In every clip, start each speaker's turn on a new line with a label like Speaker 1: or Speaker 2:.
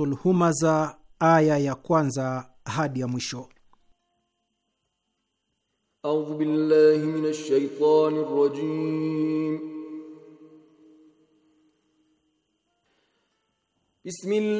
Speaker 1: Suratul Humaza, aya ya kwanza hadi ya mwisho.
Speaker 2: Audhu billahi minash shaitani Bismillah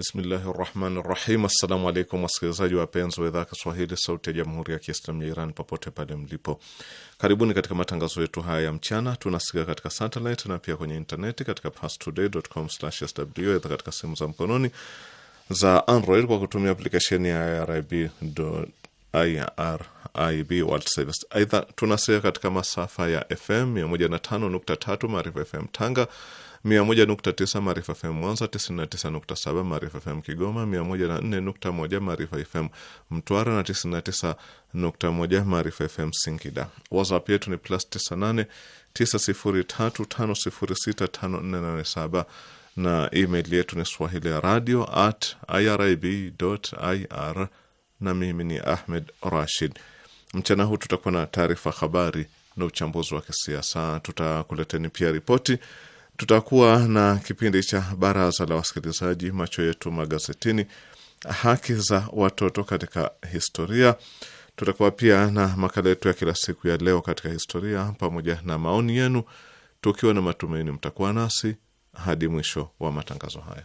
Speaker 3: Bismillahi rahmani rahim. Assalamu alaikum wasikilizaji wapenzi wa idhaa Kiswahili sauti ya jamhuri ya kiislam ya Iran popote pale mlipo, karibuni katika matangazo yetu haya ya mchana. Tunasikia katika satelit na pia kwenye intaneti katika pastodaycom sw aidha katika simu za mkononi za Android kwa kutumia aplikesheni ya IRIB IRIB World Service. Aidha tunasikia katika masafa ya FM 105.3 Maarifa FM Tanga 101.9 Maarifa FM Mwanza, 99.7 Maarifa FM Kigoma, 104.1 Maarifa FM Mtwara na 99.1 Maarifa FM Singida. WhatsApp yetu ni plus 98 9035065487 na email yetu ni swahili radio at irib.ir, na mimi ni Ahmed Rashid. Mchana huu tutakuwa na taarifa habari na uchambuzi wa kisiasa. Tutakuleteni pia ripoti tutakuwa na kipindi cha baraza la wasikilizaji, macho yetu magazetini, haki za watoto katika historia. Tutakuwa pia na makala yetu ya kila siku ya leo katika historia, pamoja na maoni yenu, tukiwa na matumaini mtakuwa nasi hadi mwisho wa matangazo haya.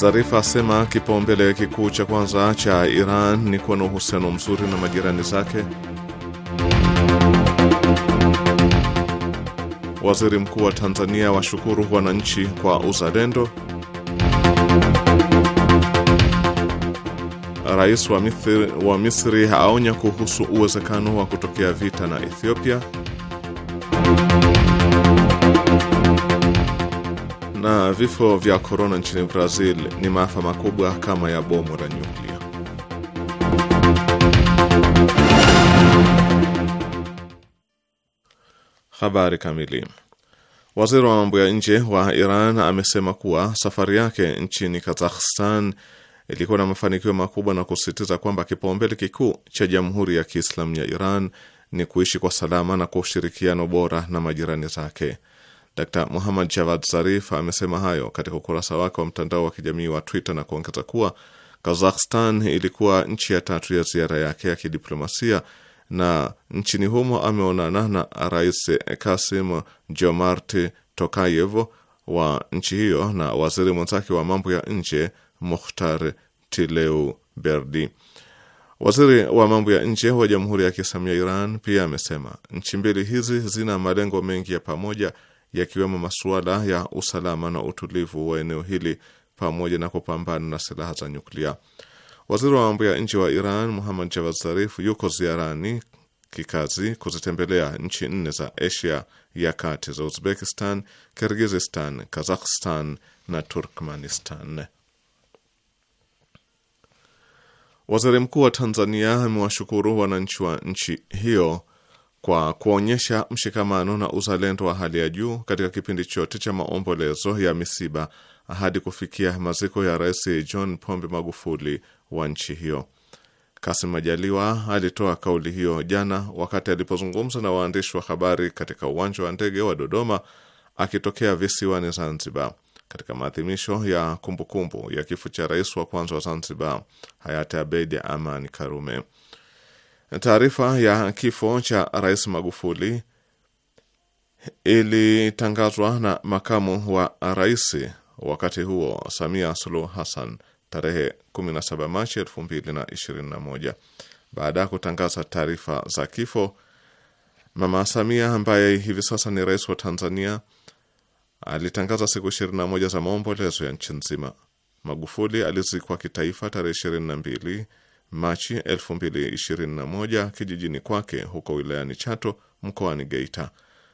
Speaker 3: Zarifa asema kipaumbele kikuu cha kwanza cha Iran ni kuwa na uhusiano mzuri na majirani zake. Waziri Mkuu wa Tanzania washukuru wananchi kwa uzalendo. Rais wa Misri, wa Misri aonya kuhusu uwezekano wa kutokea vita na Ethiopia. vifo vya korona nchini Brazil ni maafa makubwa kama ya bomu la nyuklia. Habari kamili. Waziri wa mambo ya nje wa Iran amesema kuwa safari yake nchini Kazakhstan ilikuwa na mafanikio makubwa na kusisitiza kwamba kipaumbele kikuu cha Jamhuri ya Kiislamu ya Iran ni kuishi kwa salama na kwa ushirikiano bora na majirani zake. Dr Muhammad Javad Zarif amesema hayo katika ukurasa wake wa mtandao wa kijamii wa Twitter na kuongeza kuwa Kazakhstan ilikuwa nchi ya tatu ya ziara yake ya kidiplomasia na nchini humo ameonana na Rais Kasim Jomart Tokayev wa nchi hiyo na waziri mwenzake wa mambo ya nje Mukhtar Tileuberdi. Waziri wa mambo ya nje wa Jamhuri ya Kiislamu ya Iran pia amesema nchi mbili hizi zina malengo mengi ya pamoja yakiwemo masuala ya usalama na utulivu wa eneo hili pamoja na kupambana na silaha za nyuklia. Waziri wa mambo ya nje wa Iran Muhammad Javad Zarif yuko ziarani kikazi kuzitembelea nchi nne za Asia ya kati za Uzbekistan, Kirgizistan, Kazakhstan na Turkmanistan. Waziri mkuu wa Tanzania amewashukuru wananchi wa nchi hiyo kwa kuonyesha mshikamano na uzalendo wa hali ya juu katika kipindi chote cha maombolezo ya misiba hadi kufikia maziko ya Rais John Pombe Magufuli wa nchi hiyo. Kasim Majaliwa alitoa kauli hiyo jana wakati alipozungumza na waandishi wa habari katika uwanja wa ndege wa Dodoma akitokea visiwani Zanzibar katika maadhimisho ya kumbukumbu ya kifo cha rais wa kwanza wa Zanzibar hayati Abeid Amani Karume. Taarifa ya kifo cha Rais Magufuli ilitangazwa na makamu wa rais wakati huo Samia Suluhu Hassan tarehe 17 Machi 2021. Baada ya kutangaza taarifa za kifo, Mama Samia ambaye hivi sasa ni rais wa Tanzania alitangaza siku 21 za maombolezo ya nchi nzima. Magufuli alizikwa kitaifa tarehe 22 Machi 2021 kijijini kwake huko wilayani Chato mkoani Geita.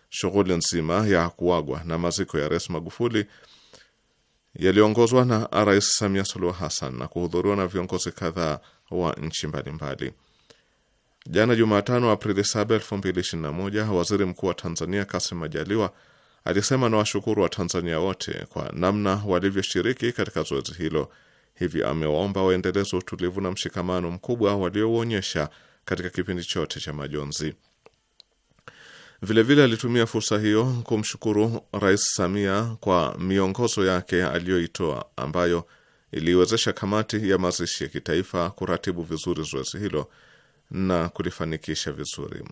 Speaker 3: Shughuli nzima ya kuagwa na maziko ya Rais Magufuli yaliongozwa na Rais Samia Suluhu Hassan na kuhudhuriwa na viongozi kadhaa wa nchi mbalimbali. Jana Jumatano, Aprili 7, 2021, Waziri Mkuu wa Tanzania Kassim Majaliwa alisema na washukuru wa Tanzania wote kwa namna walivyoshiriki katika zoezi hilo Hivyo amewaomba waendeleze utulivu na mshikamano mkubwa waliouonyesha katika kipindi chote cha majonzi. Vilevile alitumia fursa hiyo kumshukuru Rais Samia kwa miongozo yake aliyoitoa ambayo iliwezesha kamati ya mazishi ya kitaifa kuratibu vizuri zoezi hilo na kulifanikisha vizuri.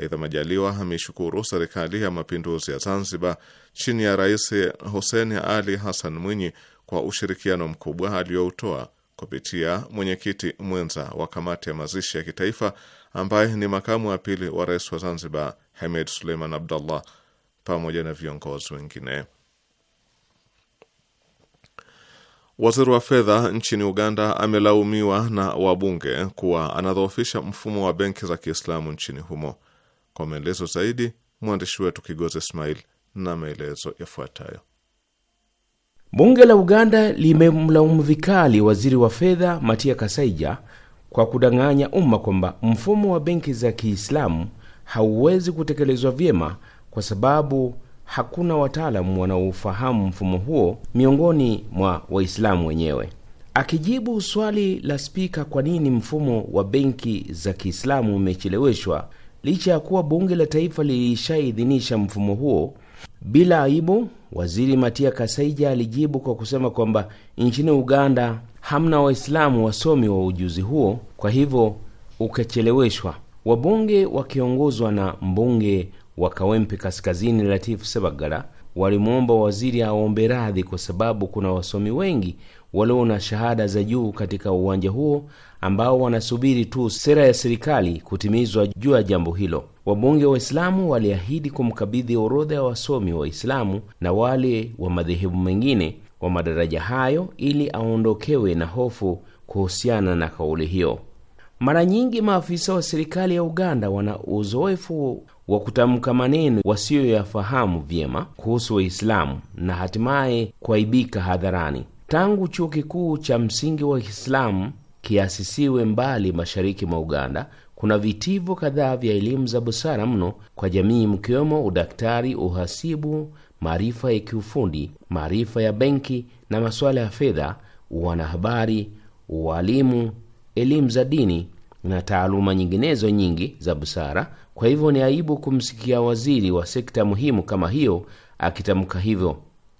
Speaker 3: Aidha, Majaliwa ameishukuru Serikali ya Mapinduzi ya Zanzibar chini ya Rais Hussein Ali Hassan Mwinyi kwa ushirikiano mkubwa aliyoutoa kupitia mwenyekiti mwenza wa Kamati ya Mazishi ya Kitaifa ambaye ni makamu wa pili wa rais wa Zanzibar Hamed Suleiman Abdullah pamoja na viongozi wengine. Waziri wa fedha nchini Uganda amelaumiwa na wabunge kuwa anadhoofisha mfumo wa benki za Kiislamu nchini humo. Kwa maelezo zaidi, mwandishi wetu Kigozi Ismail na maelezo yafuatayo.
Speaker 4: Bunge la Uganda limemlaumu vikali waziri wa fedha Matia Kasaija kwa kudanganya umma kwamba mfumo wa benki za Kiislamu hauwezi kutekelezwa vyema kwa sababu hakuna wataalamu wanaofahamu mfumo huo miongoni mwa Waislamu wenyewe. Akijibu swali la spika kwa nini mfumo wa benki za Kiislamu umecheleweshwa, licha ya kuwa bunge la taifa lilishaidhinisha mfumo huo. Bila aibu, waziri Matia Kasaija alijibu kwa kusema kwamba nchini Uganda hamna Waislamu wasomi wa ujuzi huo, kwa hivyo ukacheleweshwa. Wabunge wakiongozwa na mbunge wa Kawempe Kaskazini Latifu Sebagala walimwomba waziri aombe radhi kwa sababu kuna wasomi wengi walio na shahada za juu katika uwanja huo ambao wanasubiri tu sera ya serikali kutimizwa juu ya jambo hilo. Wabunge Waislamu waliahidi kumkabidhi orodha ya wasomi Waislamu na wale wa madhehebu mengine wa madaraja hayo ili aondokewe na hofu kuhusiana na kauli hiyo. Mara nyingi maafisa wa serikali ya Uganda wana uzoefu wa kutamka maneno wasiyoyafahamu vyema kuhusu Waislamu na hatimaye kuaibika hadharani. Tangu chuo kikuu cha msingi wa Kiislamu kiasisiwe mbali mashariki mwa Uganda, kuna vitivo kadhaa vya elimu za busara mno kwa jamii, mkiwemo udaktari, uhasibu, maarifa ya kiufundi, maarifa ya benki na masuala ya fedha, wanahabari, ualimu, elimu za dini na taaluma nyinginezo nyingi za busara. Kwa hivyo ni aibu kumsikia waziri wa sekta muhimu kama hiyo akitamka hivyo.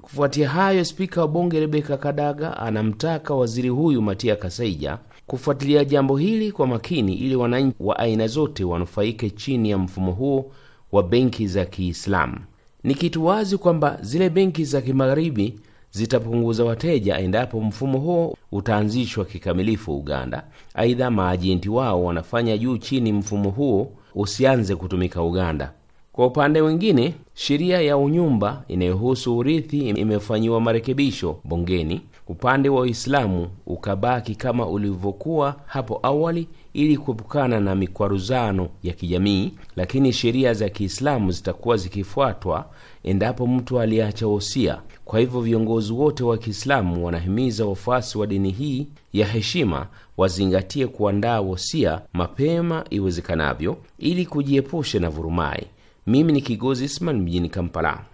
Speaker 4: Kufuatia hayo, spika wa bunge Rebeka Kadaga anamtaka waziri huyu Matia Kasaija kufuatilia jambo hili kwa makini ili wananchi wa aina zote wanufaike chini ya mfumo huo wa benki za Kiislamu. Ni kitu wazi kwamba zile benki za kimagharibi zitapunguza wateja endapo mfumo huo utaanzishwa kikamilifu Uganda. Aidha, maajenti wao wanafanya juu chini mfumo huo usianze kutumika Uganda. Kwa upande mwingine, sheria ya unyumba inayohusu urithi imefanyiwa marekebisho bungeni, upande wa Uislamu ukabaki kama ulivyokuwa hapo awali ili kuepukana na mikwaruzano ya kijamii, lakini sheria za Kiislamu zitakuwa zikifuatwa endapo mtu aliacha wosia. Kwa hivyo viongozi wote wa Kiislamu wanahimiza wafuasi wa dini hii ya heshima wazingatie kuandaa wosia mapema iwezekanavyo, ili kujiepusha na vurumai. Mimi ni Kigozi Isman mjini Kampala.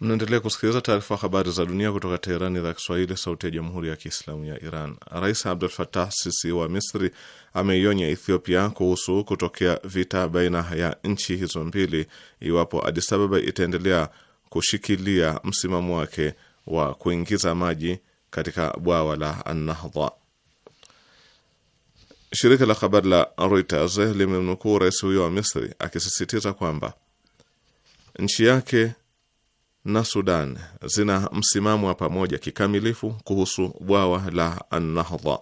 Speaker 3: Mnaendelea kusikiliza taarifa habari za dunia kutoka Teherani, idhaa Kiswahili, sauti ya jamhuri ya kiislamu ya Iran. Rais Abdul Fatah Sisi wa Misri ameionya Ethiopia kuhusu kutokea vita baina ya nchi hizo mbili iwapo Adis Ababa itaendelea kushikilia msimamo wake wa kuingiza maji katika bwawa la Nahdha. Shirika la habari la Reuters limemnukuu rais huyo wa Misri akisisitiza kwamba nchi yake na Sudan zina msimamo wa pamoja kikamilifu kuhusu bwawa la Nahdha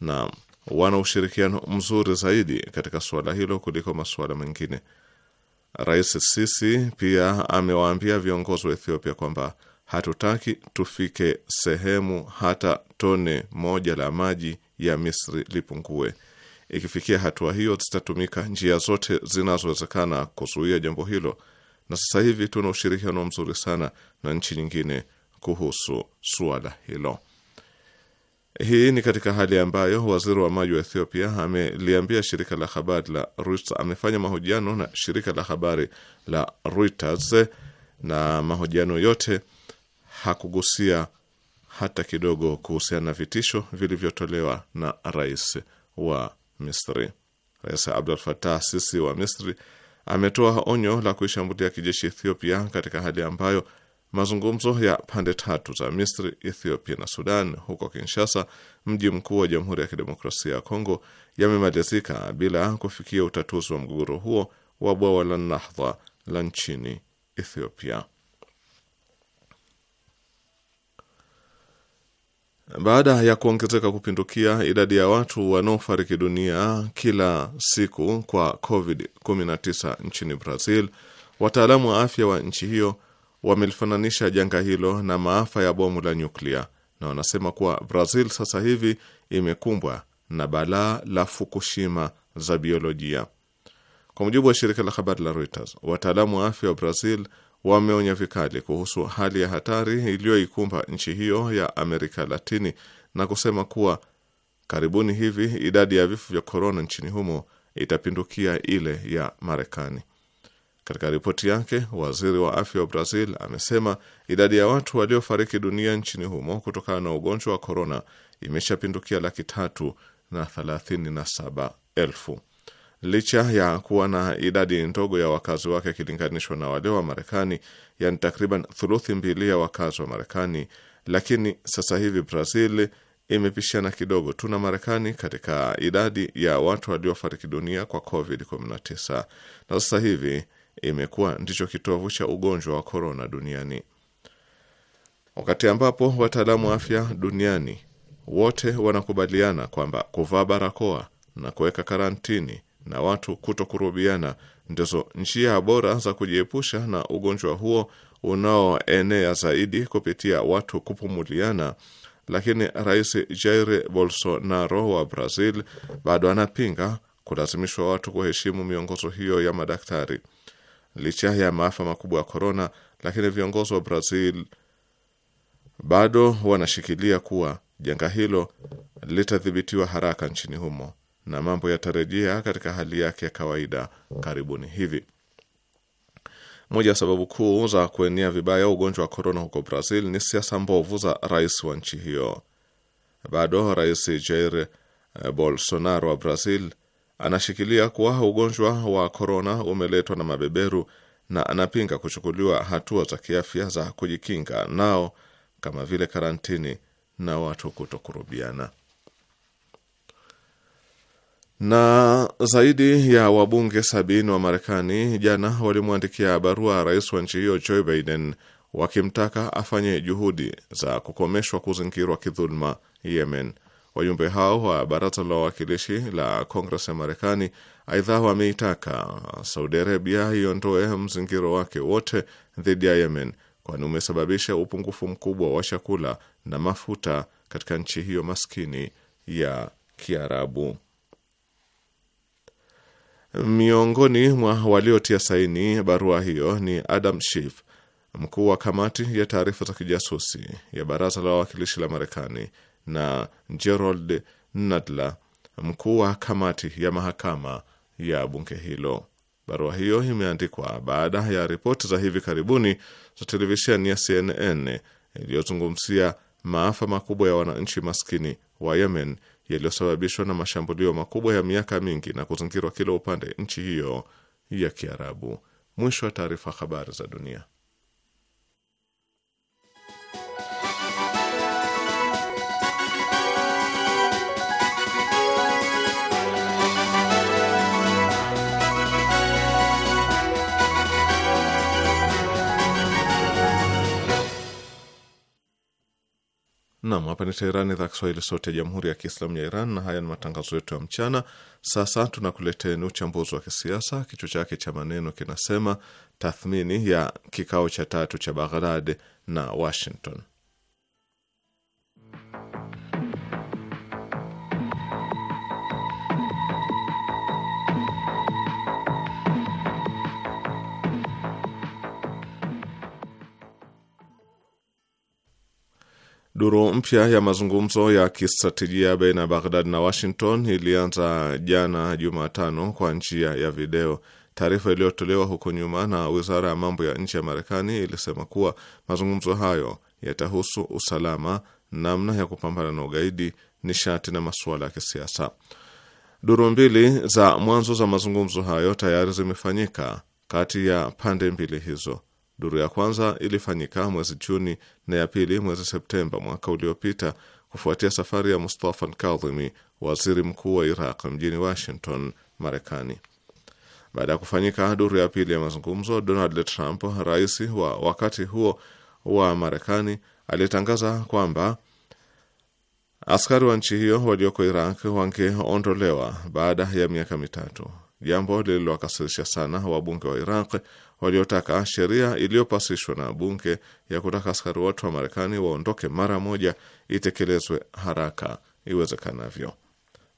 Speaker 3: na wana ushirikiano mzuri zaidi katika suala hilo kuliko masuala mengine. Rais Sisi pia amewaambia viongozi wa Ethiopia kwamba hatutaki tufike sehemu hata tone moja la maji ya Misri lipungue. Ikifikia hatua hiyo, zitatumika njia zote zinazowezekana kuzuia jambo hilo, na sasa hivi tuna ushirikiano mzuri sana na nchi nyingine kuhusu suala hilo. Hii ni katika hali ambayo waziri wa maji wa Ethiopia ameliambia shirika la habari la Reuters. Amefanya mahojiano na shirika la habari la Reuters na mahojiano yote hakugusia hata kidogo kuhusiana na vitisho vilivyotolewa na rais wa Misri. Rais Abdul Fatah Sisi wa Misri ametoa onyo la kuishambulia kijeshi Ethiopia katika hali ambayo mazungumzo ya pande tatu za Misri, Ethiopia na Sudan huko Kinshasa, mji mkuu wa Jamhuri ya Kidemokrasia ya Kongo, yamemalizika bila kufikia utatuzi wa mgogoro huo wa bwawa la Nahdha la nchini Ethiopia. Baada ya kuongezeka kupindukia idadi ya watu wanaofariki dunia kila siku kwa COVID-19 nchini Brazil, wataalamu wa afya wa nchi hiyo wamelifananisha janga hilo na maafa ya bomu la nyuklia, na wanasema kuwa Brazil sasa hivi imekumbwa na balaa la Fukushima za biolojia. Kwa mujibu wa shirika la habari la Reuters, wataalamu wa afya wa Brazil wameonya vikali kuhusu hali ya hatari iliyoikumba nchi hiyo ya Amerika Latini na kusema kuwa karibuni hivi idadi ya vifo vya korona nchini humo itapindukia ile ya Marekani. Katika ripoti yake, waziri wa afya wa Brazil amesema idadi ya watu waliofariki dunia nchini humo kutokana na ugonjwa wa korona imeshapindukia laki tatu na thelathini na saba elfu licha ya kuwa na idadi ndogo ya wakazi wake ikilinganishwa na wale wa Marekani, yani takriban thuluthi mbili ya wakazi wa Marekani, lakini sasa hivi Brazil imepishana kidogo tu na Marekani katika idadi ya watu waliofariki dunia kwa COVID-19 na sasa hivi imekuwa ndicho kitovu cha ugonjwa wa korona duniani, wakati ambapo wataalamu wa afya duniani wote wanakubaliana kwamba kuvaa barakoa na kuweka karantini na watu kutokurubiana ndizo njia bora za kujiepusha na ugonjwa huo unaoenea zaidi kupitia watu kupumuliana. Lakini Rais Jair Bolsonaro wa Brazil bado anapinga kulazimishwa watu kuheshimu miongozo hiyo ya madaktari. Licha ya maafa makubwa ya korona, lakini viongozi wa Brazil bado wanashikilia kuwa janga hilo litadhibitiwa haraka nchini humo na mambo yatarejea katika hali yake ya kawaida karibuni hivi. Moja ya sababu kuu za kuenea vibaya ugonjwa wa korona huko Brazil ni siasa mbovu za rais wa nchi hiyo. Bado Rais Jair eh, Bolsonaro wa Brazil anashikilia kuwa ugonjwa wa korona umeletwa na mabeberu na anapinga kuchukuliwa hatua za kiafya za kujikinga nao kama vile karantini na watu kutokurubiana. Na zaidi ya wabunge sabini wa Marekani jana walimwandikia barua rais wa nchi hiyo Joe Biden wakimtaka afanye juhudi za kukomeshwa kuzingirwa kidhuluma Yemen. Wajumbe hao wa baraza la wawakilishi la Kongres ya Marekani aidha wameitaka Saudi Arabia iondoe mzingiro wake wote dhidi ya Yemen, kwani umesababisha upungufu mkubwa wa chakula na mafuta katika nchi hiyo maskini ya Kiarabu. Miongoni mwa waliotia saini barua hiyo ni Adam Schiff, mkuu wa kamati ya taarifa za kijasusi ya baraza la wawakilishi la Marekani, na Gerald Nadler, mkuu wa kamati ya mahakama ya bunge hilo. Barua hiyo imeandikwa baada ya ripoti za hivi karibuni za televisheni ya CNN iliyozungumzia maafa makubwa ya wananchi maskini wa Yemen yaliyosababishwa na mashambulio makubwa ya miaka mingi na kuzingirwa kila upande nchi hiyo ya Kiarabu. Mwisho wa taarifa. Habari za dunia. Nam, hapa ni Teherani, idhaa Kiswahili, sauti ya jamhuri ya kiislamu ya Iran, na haya ni matangazo yetu ya mchana. Sasa tunakuleteni uchambuzi wa kisiasa, kichwa chake cha maneno kinasema tathmini ya kikao cha tatu cha Baghdad na Washington. Duru mpya ya mazungumzo ya kistratejia baina ya Baghdad na Washington ilianza jana Jumatano kwa njia ya video. Taarifa iliyotolewa huko nyuma na wizara ya mambo ya nje ya Marekani ilisema kuwa mazungumzo hayo yatahusu usalama, namna ya kupambana na ugaidi, nishati na masuala ya kisiasa. Duru mbili za mwanzo za mazungumzo hayo tayari zimefanyika kati ya pande mbili hizo. Duru ya kwanza ilifanyika mwezi Juni na ya pili mwezi Septemba mwaka uliopita kufuatia safari ya Mustafa Kadhimi, waziri mkuu wa Iraq, mjini Washington, Marekani. Baada ya kufanyika duru ya pili ya mazungumzo, Donald Trump, rais wa wakati huo wa Marekani, alitangaza kwamba askari wa nchi hiyo walioko Iraq wangeondolewa baada ya miaka mitatu, jambo lililowakasirisha sana wabunge wa Iraq waliotaka sheria iliyopasishwa na bunge ya kutaka askari wote wa Marekani waondoke mara moja itekelezwe haraka iwezekanavyo.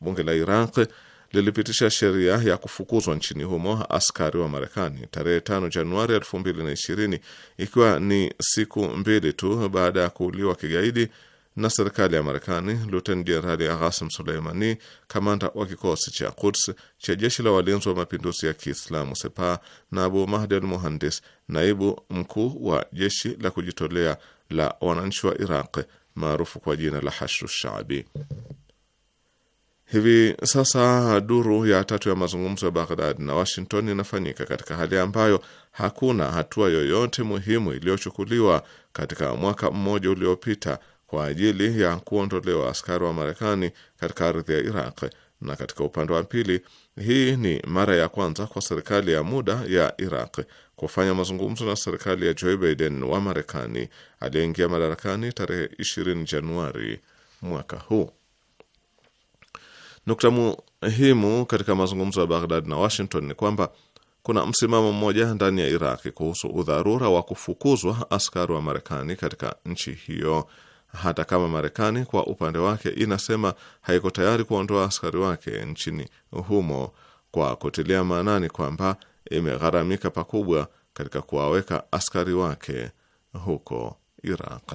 Speaker 3: Bunge la Iraq lilipitisha sheria ya kufukuzwa nchini humo askari wa Marekani tarehe 5 Januari 2020 ikiwa ni siku mbili tu baada ya kuuliwa kigaidi na serikali ya Marekani, Luteni Jenerali Ghasim Suleimani, kamanda wa kikosi cha Quds cha jeshi la walinzi wa mapinduzi ya Kiislamu Sepa, na Abu Mahdi al Muhandis, naibu mkuu wa jeshi la kujitolea la wananchi wa Iraq maarufu kwa jina la Hashdu Shaabi. Hivi sasa duru ya tatu ya mazungumzo ya Baghdad na Washington inafanyika katika hali ambayo hakuna hatua yoyote muhimu iliyochukuliwa katika mwaka mmoja uliopita kwa ajili ya kuondolewa askari wa Marekani katika ardhi ya Iraq. Na katika upande wa pili, hii ni mara ya kwanza kwa serikali ya muda ya Iraq kufanya mazungumzo na serikali ya Joe Biden wa Marekani aliyeingia madarakani tarehe 20 Januari mwaka huu. Nukta muhimu katika mazungumzo ya Baghdad na Washington ni kwamba kuna msimamo mmoja ndani ya Iraq kuhusu udharura wa kufukuzwa askari wa Marekani katika nchi hiyo hata kama Marekani kwa upande wake inasema haiko tayari kuondoa askari wake nchini humo kwa kutilia maanani kwamba imegharamika pakubwa katika kuwaweka askari wake huko Iraq.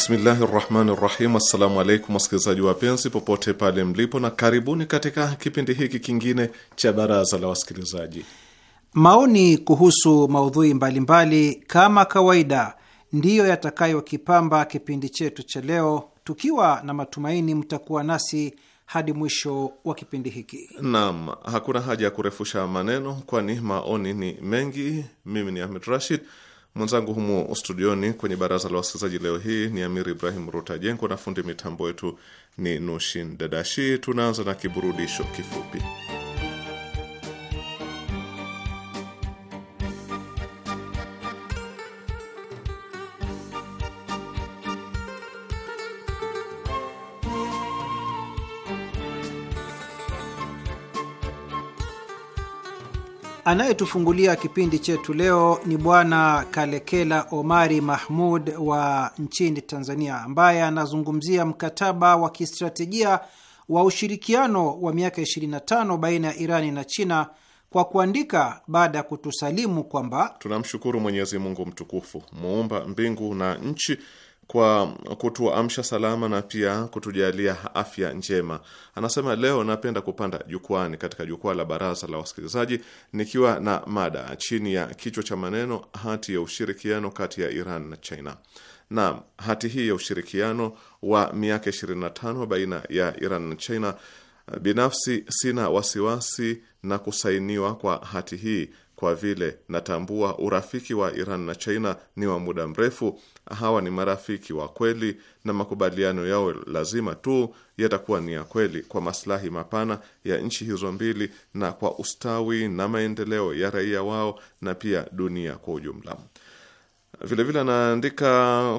Speaker 3: Bismillahi rahmani rahim. Assalamu alaikum wasikilizaji wapenzi popote pale mlipo, na karibuni katika kipindi hiki kingine cha baraza la wasikilizaji.
Speaker 1: Maoni kuhusu maudhui mbalimbali mbali, kama kawaida ndiyo yatakayokipamba kipindi chetu cha leo, tukiwa na matumaini mtakuwa nasi hadi mwisho wa kipindi hiki.
Speaker 3: Naam, hakuna haja ya kurefusha maneno, kwani maoni ni mengi. Mimi ni Ahmed Rashid Mwenzangu humu studioni kwenye baraza la wasikilizaji leo hii ni Amir Ibrahim Jengo na fundi mitambo wetu ni Nushin Dadashi. Tunaanza na kiburudisho kifupi.
Speaker 1: Anayetufungulia kipindi chetu leo ni Bwana Kalekela Omari Mahmud wa nchini Tanzania, ambaye anazungumzia mkataba wa kistratejia wa ushirikiano wa miaka 25 baina ya
Speaker 3: Irani na China kwa kuandika baada ya kutusalimu kwamba tunamshukuru Mwenyezi Mungu mtukufu muumba mbingu na nchi kwa kutuamsha salama na pia kutujalia afya njema. Anasema leo napenda kupanda jukwani katika jukwaa la baraza la wasikilizaji nikiwa na mada chini ya kichwa cha maneno hati ya ushirikiano kati ya Iran na China. Naam, hati hii ya ushirikiano wa miaka 25 baina ya Iran na China, binafsi sina wasiwasi na kusainiwa kwa hati hii kwa vile natambua urafiki wa Iran na China ni wa muda mrefu hawa ni marafiki wa kweli na makubaliano yao lazima tu yatakuwa ni ya kweli kwa maslahi mapana ya nchi hizo mbili na kwa ustawi na maendeleo ya raia wao na pia dunia kwa ujumla. Vilevile anaandika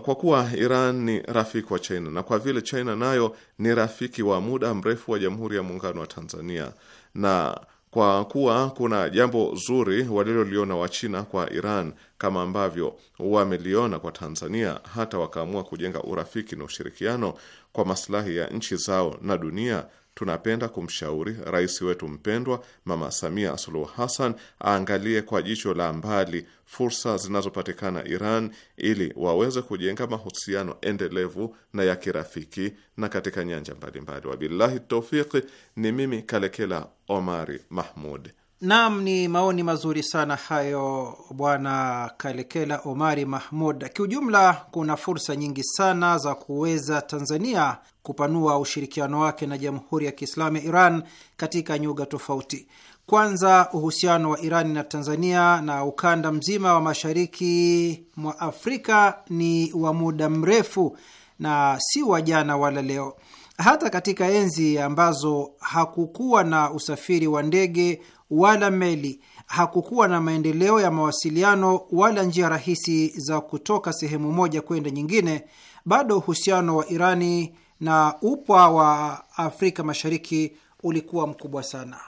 Speaker 3: kwa kuwa Iran ni rafiki wa China na kwa vile China nayo ni rafiki wa muda mrefu wa Jamhuri ya Muungano wa Tanzania na kwa kuwa kuna jambo zuri waliloliona Wachina kwa Iran kama ambavyo wameliona kwa Tanzania, hata wakaamua kujenga urafiki na ushirikiano kwa maslahi ya nchi zao na dunia tunapenda kumshauri rais wetu mpendwa Mama Samia Suluhu Hassan aangalie kwa jicho la mbali fursa zinazopatikana Iran ili waweze kujenga mahusiano endelevu na ya kirafiki na katika nyanja mbalimbali. Wabillahi taufiki. Ni mimi Kalekela Omari Mahmud.
Speaker 1: Naam, ni maoni mazuri sana hayo, Bwana Kalekela Omari Mahmud. Kiujumla, kuna fursa nyingi sana za kuweza Tanzania kupanua ushirikiano wake na Jamhuri ya Kiislamu ya Iran katika nyuga tofauti. Kwanza, uhusiano wa Iran na Tanzania na ukanda mzima wa mashariki mwa Afrika ni wa muda mrefu na si wa jana wala leo. Hata katika enzi ambazo hakukuwa na usafiri wa ndege wala meli. Hakukuwa na maendeleo ya mawasiliano wala njia rahisi za kutoka sehemu moja kwenda nyingine. Bado uhusiano wa Irani na upwa wa Afrika Mashariki ulikuwa mkubwa sana.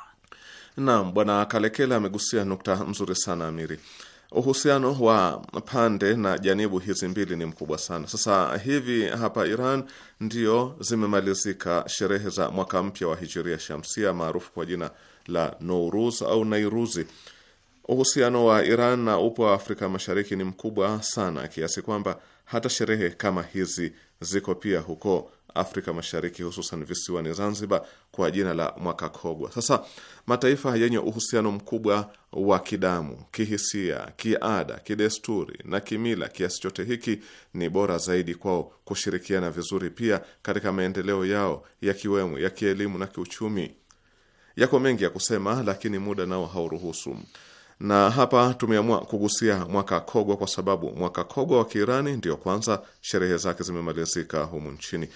Speaker 3: Naam, Bwana Kalekela amegusia nukta nzuri sana Amiri. Uhusiano wa pande na janibu hizi mbili ni mkubwa sana. Sasa hivi hapa Iran ndio zimemalizika sherehe za mwaka mpya wa hijiria shamsia maarufu kwa jina la Nouruz au Nairuzi. Uhusiano wa Iran na upo wa Afrika Mashariki ni mkubwa sana kiasi kwamba hata sherehe kama hizi ziko pia huko Afrika Mashariki, hususan visiwani Zanzibar kwa jina la Mwaka Kogwa. Sasa mataifa yenye uhusiano mkubwa wa kidamu, kihisia, kiada, kidesturi na kimila kiasi chote hiki ni bora zaidi kwao kushirikiana vizuri pia katika maendeleo yao ya ya kielimu na kiuchumi. Yako mengi ya kusema, lakini muda nao hauruhusu. Na hapa tumeamua kugusia mwaka kogwa, kwa sababu mwaka kogwa wa Kiirani ndio kwanza sherehe zake zimemalizika humu nchini.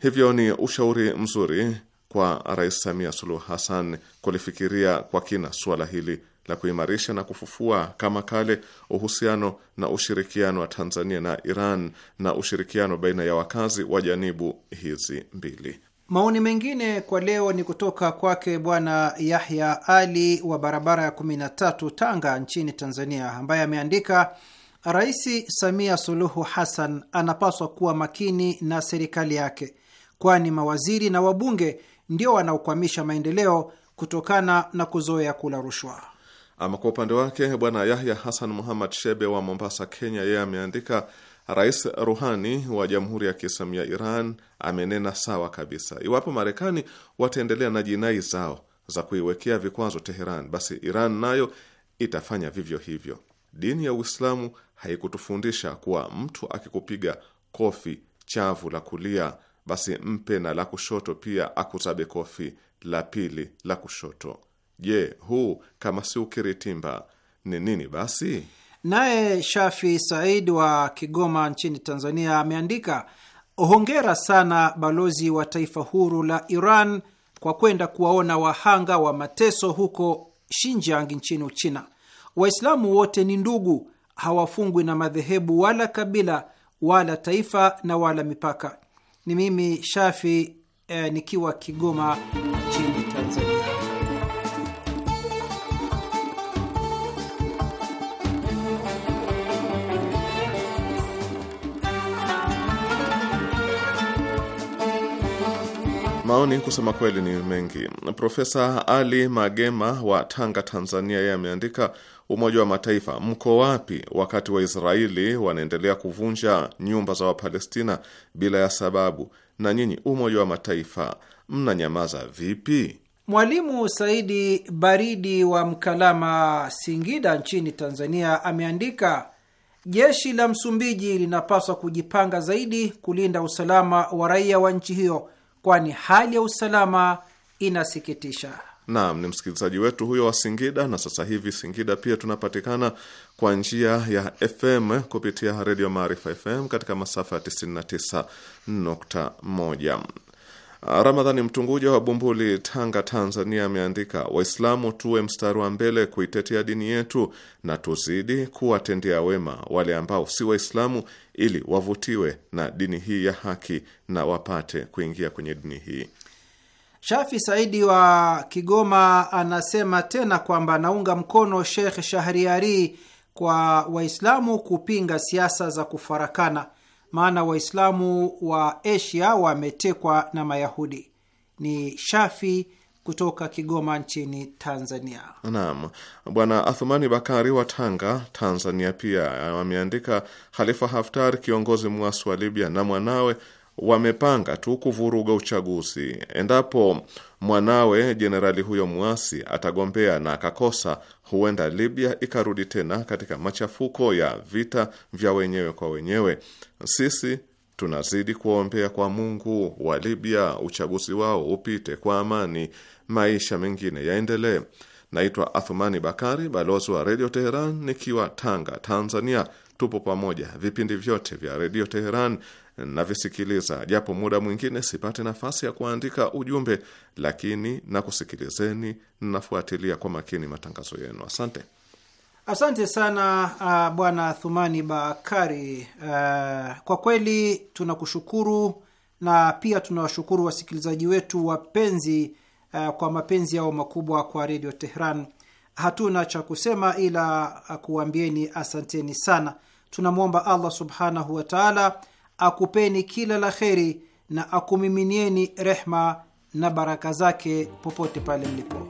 Speaker 3: Hivyo ni ushauri mzuri kwa Rais Samia Suluhu Hassan kulifikiria kwa kina suala hili la kuimarisha na kufufua kama kale uhusiano na ushirikiano wa Tanzania na Iran na ushirikiano baina ya wakazi wa janibu hizi mbili.
Speaker 1: Maoni mengine kwa leo ni kutoka kwake Bwana Yahya Ali wa barabara ya 13 Tanga nchini Tanzania, ambaye ameandika Rais Samia Suluhu Hassan anapaswa kuwa makini na serikali yake, kwani mawaziri na wabunge ndio wanaokwamisha maendeleo kutokana na kuzoea kula rushwa.
Speaker 3: Ama kwa upande wake Bwana Yahya Hassan Muhammad Shebe wa Mombasa, Kenya, yeye ameandika Rais Ruhani wa Jamhuri ya Kiislamu ya Iran amenena sawa kabisa. Iwapo Marekani wataendelea na jinai zao za kuiwekea vikwazo Teheran, basi Iran nayo itafanya vivyo hivyo. Dini ya Uislamu haikutufundisha kuwa mtu akikupiga kofi chavu la kulia, basi mpe na la kushoto pia akutabe kofi la pili la kushoto. Je, huu kama si ukiritimba ni nini basi? Naye Shafi
Speaker 1: Said wa Kigoma nchini Tanzania ameandika hongera sana balozi wa taifa huru la Iran kwa kwenda kuwaona wahanga wa mateso huko Xinjiang nchini Uchina. Waislamu wote ni ndugu, hawafungwi na madhehebu wala kabila wala taifa na wala mipaka. Ni mimi Shafi eh, nikiwa Kigoma
Speaker 3: Maoni kusema kweli ni mengi. Profesa Ali Magema wa Tanga, Tanzania, yeye ameandika, Umoja wa Mataifa, mko wapi wakati Waisraeli wanaendelea kuvunja nyumba za Wapalestina bila ya sababu? Na nyinyi Umoja wa Mataifa mnanyamaza vipi?
Speaker 1: Mwalimu Saidi Baridi wa Mkalama, Singida, nchini Tanzania, ameandika jeshi la Msumbiji linapaswa kujipanga zaidi kulinda usalama wa raia wa nchi hiyo kwani hali ya usalama inasikitisha.
Speaker 3: Naam, ni msikilizaji wetu huyo wa Singida. Na sasa hivi Singida pia tunapatikana kwa njia ya FM kupitia Redio Maarifa FM katika masafa ya 99.1. Ramadhani Mtunguja wa Bumbuli, Tanga, Tanzania ameandika, Waislamu tuwe mstari wa mbele kuitetea dini yetu na tuzidi kuwatendea wema wale ambao si Waislamu ili wavutiwe na dini hii ya haki na wapate kuingia kwenye dini hii.
Speaker 1: Shafi Saidi wa
Speaker 3: Kigoma anasema
Speaker 1: tena kwamba anaunga mkono Sheikh Shahriari kwa Waislamu kupinga siasa za kufarakana maana Waislamu wa Asia wametekwa na Mayahudi. Ni Shafi kutoka Kigoma nchini Tanzania.
Speaker 3: Naam, Bwana Athumani Bakari wa Tanga, Tanzania pia eh, ameandika, Khalifa Haftar kiongozi mwasi wa Libya na mwanawe wamepanga tu kuvuruga uchaguzi. Endapo mwanawe jenerali huyo mwasi atagombea na akakosa, huenda Libya ikarudi tena katika machafuko ya vita vya wenyewe kwa wenyewe sisi tunazidi kuombea kwa Mungu wa Libya uchaguzi wao upite kwa amani, maisha mengine yaendelee. Naitwa Athumani Bakari, balozi wa Redio Teheran nikiwa Tanga, Tanzania. Tupo pamoja vipindi vyote vya Redio Teheran navisikiliza, japo muda mwingine sipate nafasi ya kuandika ujumbe, lakini nakusikilizeni, nafuatilia kwa makini matangazo yenu. Asante.
Speaker 1: Asante sana uh, Bwana Thumani Bakari. Uh, kwa kweli tunakushukuru na pia tunawashukuru wasikilizaji wetu wapenzi uh, kwa mapenzi yao makubwa kwa Redio Tehran. Hatuna cha kusema ila uh, kuwambieni asanteni sana. Tunamwomba Allah subhanahu wa taala akupeni kila la kheri na akumiminieni rehma na baraka zake popote pale mlipo.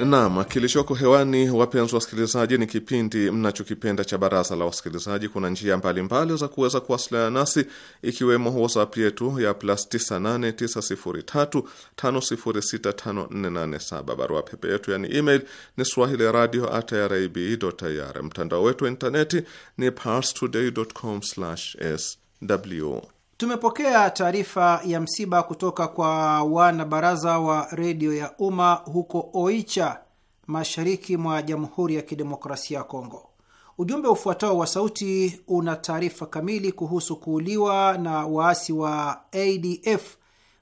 Speaker 3: Naam, kilichoko hewani wapenzi wasikilizaji, ni kipindi mnachokipenda cha baraza la wasikilizaji. Kuna njia mbalimbali mbali za kuweza kuwasiliana nasi, ikiwemo WhatsApp yetu ya plus 989035065487, barua pepe yetu yani email ni swahili radio at irib ir, mtandao wetu wa intaneti ni parstoday.com/sw
Speaker 1: Tumepokea taarifa ya msiba kutoka kwa wanabaraza wa redio ya umma huko Oicha, mashariki mwa Jamhuri ya Kidemokrasia ya Kongo. Ujumbe ufuatao wa sauti una taarifa kamili kuhusu kuuliwa na waasi wa ADF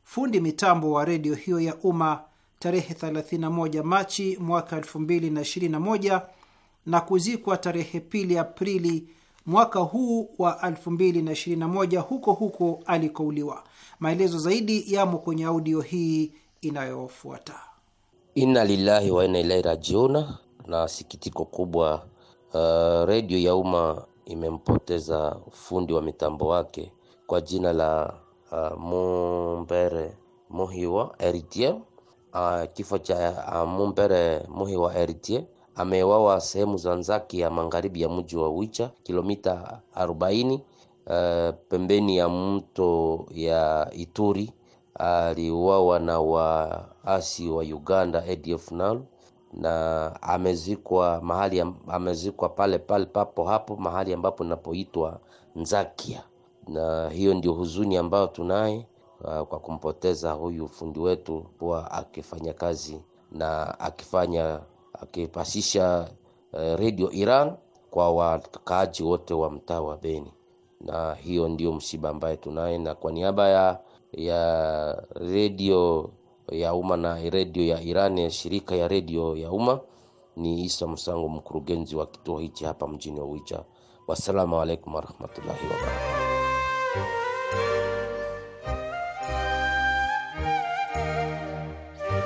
Speaker 1: fundi mitambo wa redio hiyo ya umma tarehe 31 Machi mwaka 2021 na kuzikwa tarehe pili Aprili mwaka huu wa 2021 huko huko alikouliwa. Maelezo zaidi yamo kwenye audio hii inayofuata.
Speaker 5: Inna lillahi wa inna ilaihi rajiuna. Na sikitiko kubwa, uh, redio ya umma imempoteza fundi wa mitambo wake kwa jina la uh, Mumbere Muhiwa RTM. Uh, kifo cha uh, Mumbere Muhiwa RTM ameuawa sehemu za Nzaki ya magharibi ya mji wa Wicha kilomita 40 uh, eh, pembeni ya mto ya Ituri. Aliuawa na waasi wa Uganda ADF NALU na amezikwa mahali amezikwa pale pale papo hapo mahali ambapo napoitwa Nzakia, na hiyo ndio huzuni ambayo tunaye uh, kwa kumpoteza huyu fundi wetu, kuwa akifanya kazi na akifanya akipasisha uh, eh, redio Iran kwa wakaaji wote wa mtaa wa Beni, na hiyo ndio msiba ambaye tunaye, na kwa niaba ya ya redio ya umma na redio ya Iran ya shirika ya redio ya umma ni Isa Msango, mkurugenzi wa kituo hichi hapa mjini Oicha. Wassalamu alaikum
Speaker 3: warahmatullahi wabarakatuh.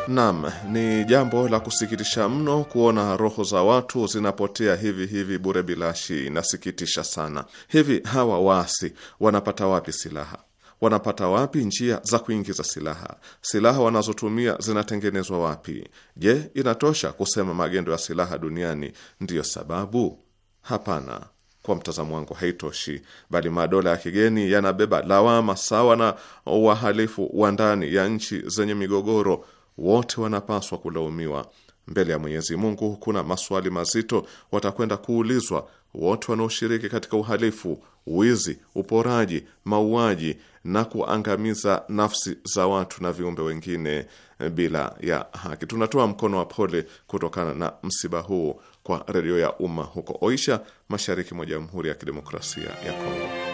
Speaker 3: Naam, ni jambo la kusikitisha mno kuona roho za watu zinapotea hivi hivi bure bila shi. Inasikitisha sana. Hivi hawa waasi wanapata wapi silaha? Wanapata wapi njia za kuingiza silaha? Silaha wanazotumia zinatengenezwa wapi? Je, inatosha kusema magendo ya silaha duniani ndiyo sababu? Hapana. Kwa mtazamo wangu haitoshi, bali madola ya kigeni yanabeba lawama sawa na wahalifu wa ndani ya nchi zenye migogoro wote wanapaswa kulaumiwa mbele ya Mwenyezi Mungu. Kuna maswali mazito watakwenda kuulizwa wote wanaoshiriki katika uhalifu, wizi, uporaji, mauaji na kuangamiza nafsi za watu na viumbe wengine bila ya haki. Tunatoa mkono wa pole kutokana na msiba huu kwa redio ya umma huko Oisha, mashariki mwa Jamhuri ya Kidemokrasia ya Kongo.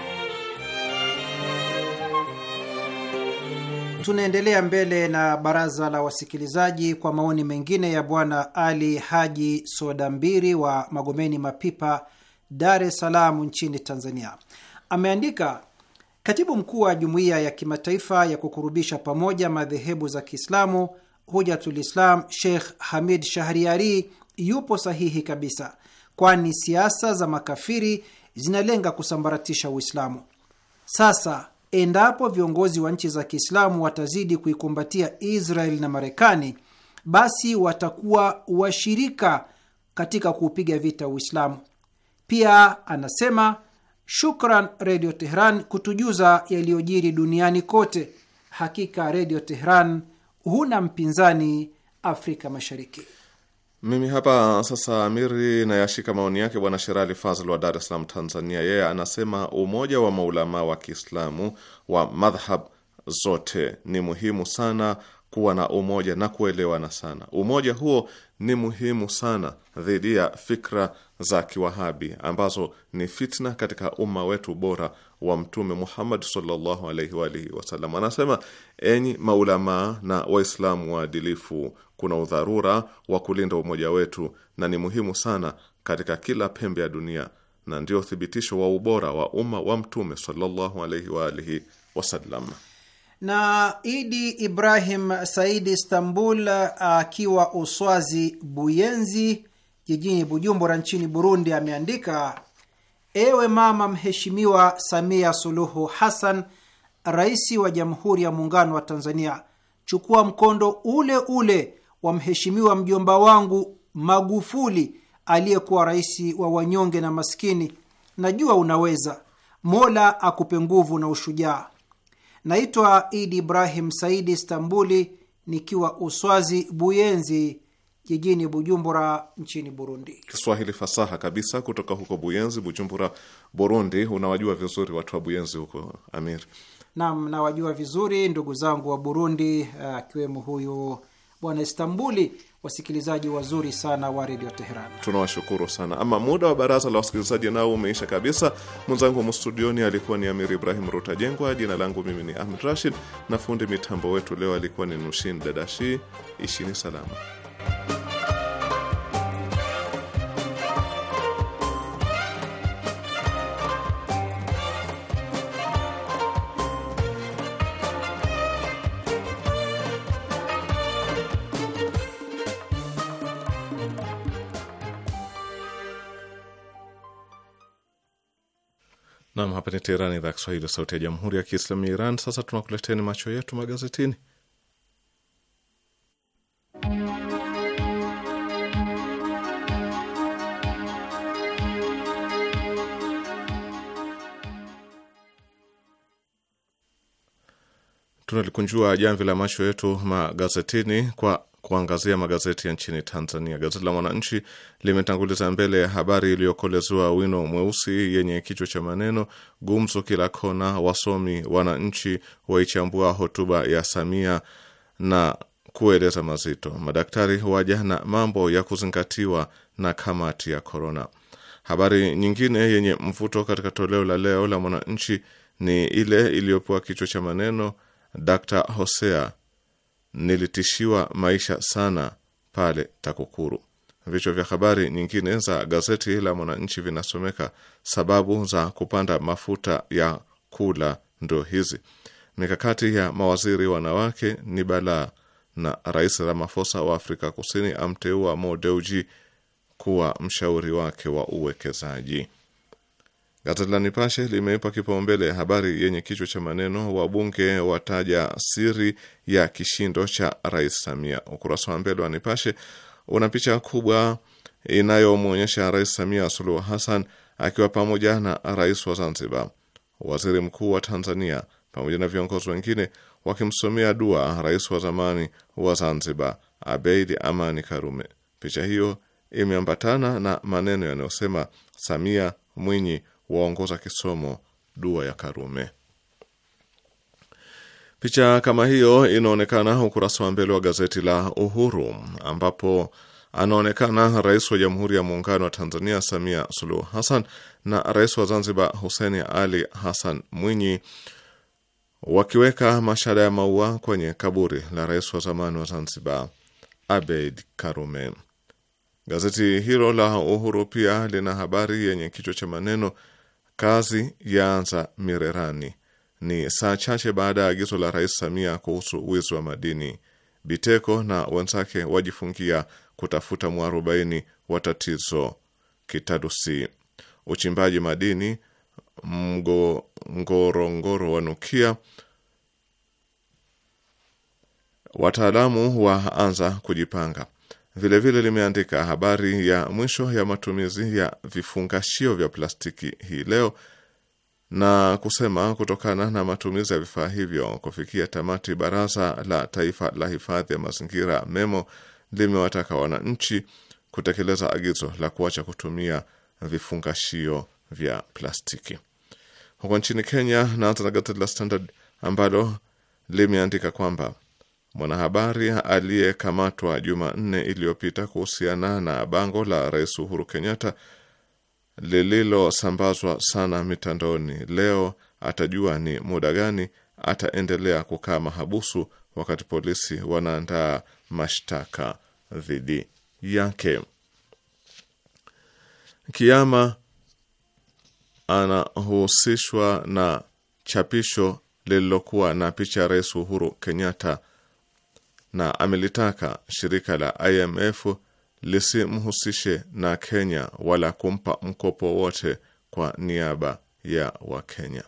Speaker 1: Tunaendelea mbele na baraza la wasikilizaji kwa maoni mengine ya Bwana Ali Haji Soda Mbiri wa Magomeni Mapipa, Dar es Salaam nchini Tanzania. Ameandika, katibu mkuu wa jumuiya ya kimataifa ya kukurubisha pamoja madhehebu za Kiislamu, Hujatul Islam Sheikh Hamid Shahriari yupo sahihi kabisa, kwani siasa za makafiri zinalenga kusambaratisha Uislamu. Sasa endapo viongozi wa nchi za Kiislamu watazidi kuikumbatia Israel na Marekani, basi watakuwa washirika katika kuupiga vita Uislamu. Pia anasema shukran Redio Tehran kutujuza yaliyojiri duniani kote. Hakika Redio Tehran huna mpinzani Afrika Mashariki.
Speaker 3: Mimi hapa sasa Amiri nayashika maoni yake Bwana Sherali Fazl wa Dar es Salaam, Tanzania. Yeye yeah, anasema umoja wa maulamaa wa Kiislamu wa madhhab zote ni muhimu sana kuwa na umoja na kuelewana sana. Umoja huo ni muhimu sana dhidi ya fikra za kiwahabi ambazo ni fitna katika umma wetu bora wa Mtume Muhammad sallallahu alaihi wa alihi wasallam. Anasema enyi maulamaa na Waislamu waadilifu kuna udharura wa kulinda umoja wetu na ni muhimu sana katika kila pembe ya dunia, na ndio uthibitisho wa ubora wa umma wa Mtume sallallahu alaihi wa alihi wasallam.
Speaker 1: Na Idi Ibrahim Saidi Istanbul uh, akiwa Uswazi Buyenzi jijini Bujumbura nchini Burundi ameandika: ewe mama mheshimiwa Samia Suluhu Hassan, rais wa Jamhuri ya Muungano wa Tanzania, chukua mkondo ule ule wa mheshimiwa mjomba wangu Magufuli aliyekuwa rais wa wanyonge na maskini. Najua unaweza, Mola akupe nguvu na ushujaa. Naitwa Idi Ibrahim Saidi istambuli nikiwa Uswazi Buyenzi jijini Bujumbura nchini Burundi.
Speaker 3: Kiswahili fasaha kabisa kutoka huko Buyenzi, Bujumbura, Burundi. Unawajua vizuri watu wa Buyenzi huko, Amir?
Speaker 1: Naam, nawajua vizuri ndugu zangu wa Burundi, akiwemo uh, huyu bwana Istambuli, wasikilizaji wazuri sana wa redio Teheran.
Speaker 3: Tunawashukuru sana. Ama muda wa baraza la wasikilizaji nao umeisha kabisa. Mwenzangu mstudioni alikuwa ni Amir Ibrahim Rutajengwa, jina langu mimi ni Ahmed Rashid, na fundi mitambo wetu leo alikuwa ni Nushin Dadashi. Ishini salama. Nam, hapa ni Teherani, idhaa ya Kiswahili, sauti ya jamhuri ya kiislamu ya Iran. Sasa tunakuleteni macho yetu magazetini. Tunalikunjua jamvi la macho yetu magazetini kwa kuangazia magazeti ya nchini Tanzania. Gazeti la Mwananchi limetanguliza mbele ya habari iliyokolezewa wino mweusi yenye kichwa cha maneno gumzo kila kona, wasomi wananchi waichambua hotuba ya Samia na kueleza mazito, madaktari waja na mambo ya kuzingatiwa na kamati ya korona. Habari nyingine yenye mvuto katika toleo la leo la Mwananchi ni ile iliyopewa kichwa cha maneno Dr Hosea nilitishiwa maisha sana pale TAKUKURU. Vichwa vya habari nyingine za gazeti la Mwananchi vinasomeka sababu za kupanda mafuta ya kula ndo hizi, mikakati ya mawaziri wanawake ni balaa, na Rais Ramaphosa wa Afrika Kusini amteua Mo Dewji kuwa mshauri wake wa uwekezaji. Gazeti la Nipashe limeipa kipaumbele habari yenye kichwa cha maneno wabunge wataja siri ya kishindo cha Rais Samia. Ukurasa wa mbele wa Nipashe una picha kubwa inayomwonyesha Rais Samia Suluhu Hassan akiwa pamoja na rais wa Zanzibar, waziri mkuu wa Tanzania pamoja na viongozi wengine wakimsomea dua rais wa zamani wa Zanzibar Abeid Amani Karume. Picha hiyo imeambatana na maneno yanayosema Samia Mwinyi waongoza kisomo dua ya Karume. Picha kama hiyo inaonekana ukurasa wa mbele wa gazeti la Uhuru, ambapo anaonekana Rais wa Jamhuri ya Muungano wa Tanzania Samia Suluhu Hassan na Rais wa Zanzibar huseni Ali Hassan Mwinyi wakiweka mashada ya maua kwenye kaburi la rais wa zamani wa Zanzibar Abeid Karume. Gazeti hilo la Uhuru pia lina habari yenye kichwa cha maneno Kazi yaanza Mirerani. Ni saa chache baada ya agizo la Rais Samia kuhusu wizi wa madini. Biteko na wenzake wajifungia kutafuta mwarobaini wa tatizo Kitadusi. Uchimbaji madini Mngorongoro wanukia. Wataalamu waanza kujipanga vilevile limeandika habari ya mwisho ya matumizi ya vifungashio vya plastiki hii leo na kusema kutokana na matumizi ya vifaa hivyo kufikia tamati, Baraza la Taifa la Hifadhi ya Mazingira memo limewataka wananchi kutekeleza agizo la kuacha kutumia vifungashio vya plastiki. Huko nchini Kenya, naanza na gazeti la Standard ambalo limeandika kwamba mwanahabari aliyekamatwa Jumanne iliyopita kuhusiana na bango la Rais Uhuru Kenyatta lililosambazwa sana mitandaoni, leo atajua ni muda gani ataendelea kukaa mahabusu wakati polisi wanaandaa mashtaka dhidi yake. Kiama anahusishwa na chapisho lililokuwa na picha ya Rais Uhuru Kenyatta na amelitaka shirika la IMF lisimhusishe na Kenya wala kumpa mkopo wote kwa niaba ya Wakenya.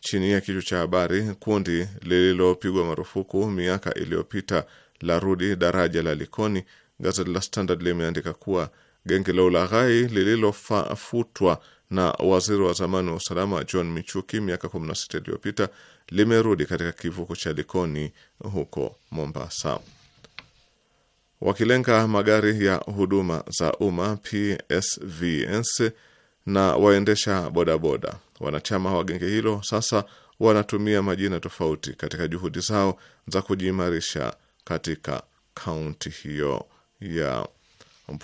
Speaker 3: Chini ya kichwa cha habari, kundi lililopigwa marufuku miaka iliyopita la rudi daraja la Likoni, gazeti la Standard limeandika kuwa genge la ulaghai lililofutwa na waziri wa zamani wa usalama John Michuki miaka 16 iliyopita limerudi katika kivuko cha Likoni huko Mombasa. Wakilenga magari ya huduma za umma PSVs na waendesha bodaboda, wanachama wa genge hilo sasa wanatumia majina tofauti katika juhudi zao za kujiimarisha katika kaunti hiyo ya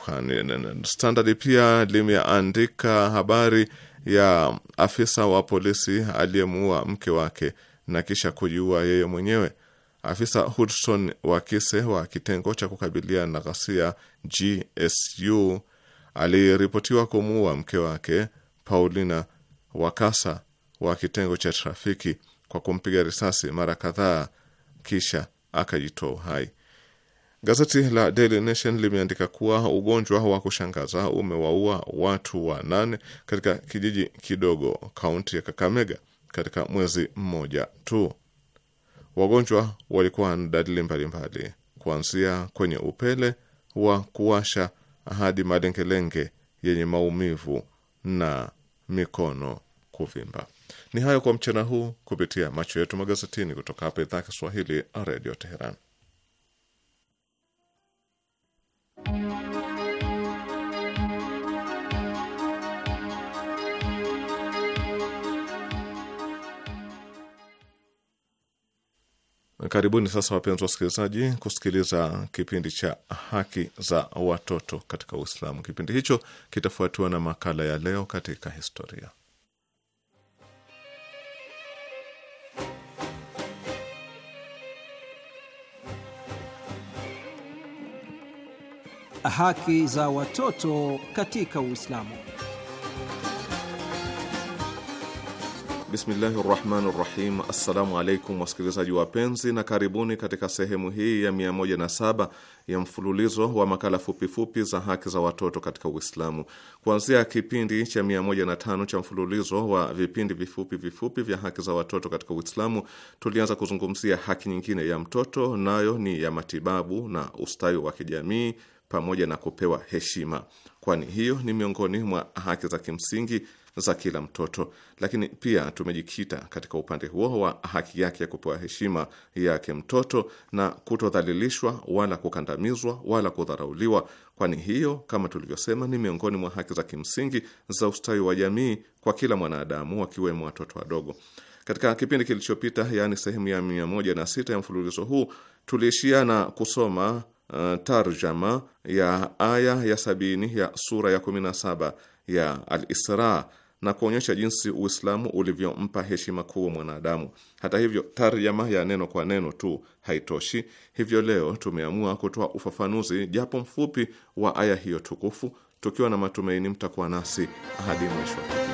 Speaker 3: Pwani. Standard pia limeandika habari ya afisa wa polisi aliyemuua mke wake na kisha kujiua yeye mwenyewe. Afisa Hudson wa Kise wa kitengo cha kukabiliana na ghasia GSU aliripotiwa kumuua mke wake Paulina Wakasa wa kitengo cha trafiki kwa kumpiga risasi mara kadhaa kisha akajitoa uhai. Gazeti la Daily Nation limeandika kuwa ugonjwa wa kushangaza umewaua watu wanane katika kijiji kidogo kaunti ya Kakamega katika mwezi mmoja tu. Wagonjwa walikuwa na dalili mbalimbali kuanzia kwenye upele wa kuwasha hadi malengelenge yenye maumivu na mikono kuvimba. Ni hayo kwa mchana huu kupitia macho yetu magazetini kutoka hapa idhaa Kiswahili, Redio Teheran. Karibuni sasa wapenzi wasikilizaji, kusikiliza kipindi cha haki za watoto katika Uislamu. Kipindi hicho kitafuatiwa na makala ya leo katika historia.
Speaker 1: Haki za watoto katika Uislamu.
Speaker 3: Bismillahi rahmani rahim. Assalamu alaikum wasikilizaji wapenzi, na karibuni katika sehemu hii ya 107 ya mfululizo wa makala fupifupi za haki za watoto katika Uislamu. Kuanzia kipindi cha 105 cha mfululizo wa vipindi vifupi vifupi vya haki za watoto katika Uislamu, tulianza kuzungumzia haki nyingine ya mtoto, nayo ni ya matibabu na ustawi wa kijamii pamoja na kupewa heshima, kwani hiyo ni miongoni mwa haki za kimsingi za kila mtoto, lakini pia tumejikita katika upande huo wa haki yake ya kupewa heshima yake mtoto na kutodhalilishwa wala kukandamizwa wala kudharauliwa, kwani hiyo kama tulivyosema ni miongoni mwa haki za kimsingi za ustawi wa jamii kwa kila mwanadamu, wakiwemo watoto wadogo. Katika kipindi kilichopita, yaani sehemu ya mia moja na sita ya mfululizo huu tuliishia na kusoma uh, tarjama ya aya ya sabini ya sura ya kumi na saba ya Al-Isra na kuonyesha jinsi Uislamu ulivyompa heshima kuu mwanadamu. Hata hivyo, tarjama ya neno kwa neno tu haitoshi, hivyo leo tumeamua kutoa ufafanuzi japo mfupi wa aya hiyo tukufu, tukiwa na matumaini mtakuwa nasi hadi mwisho wa kipindi.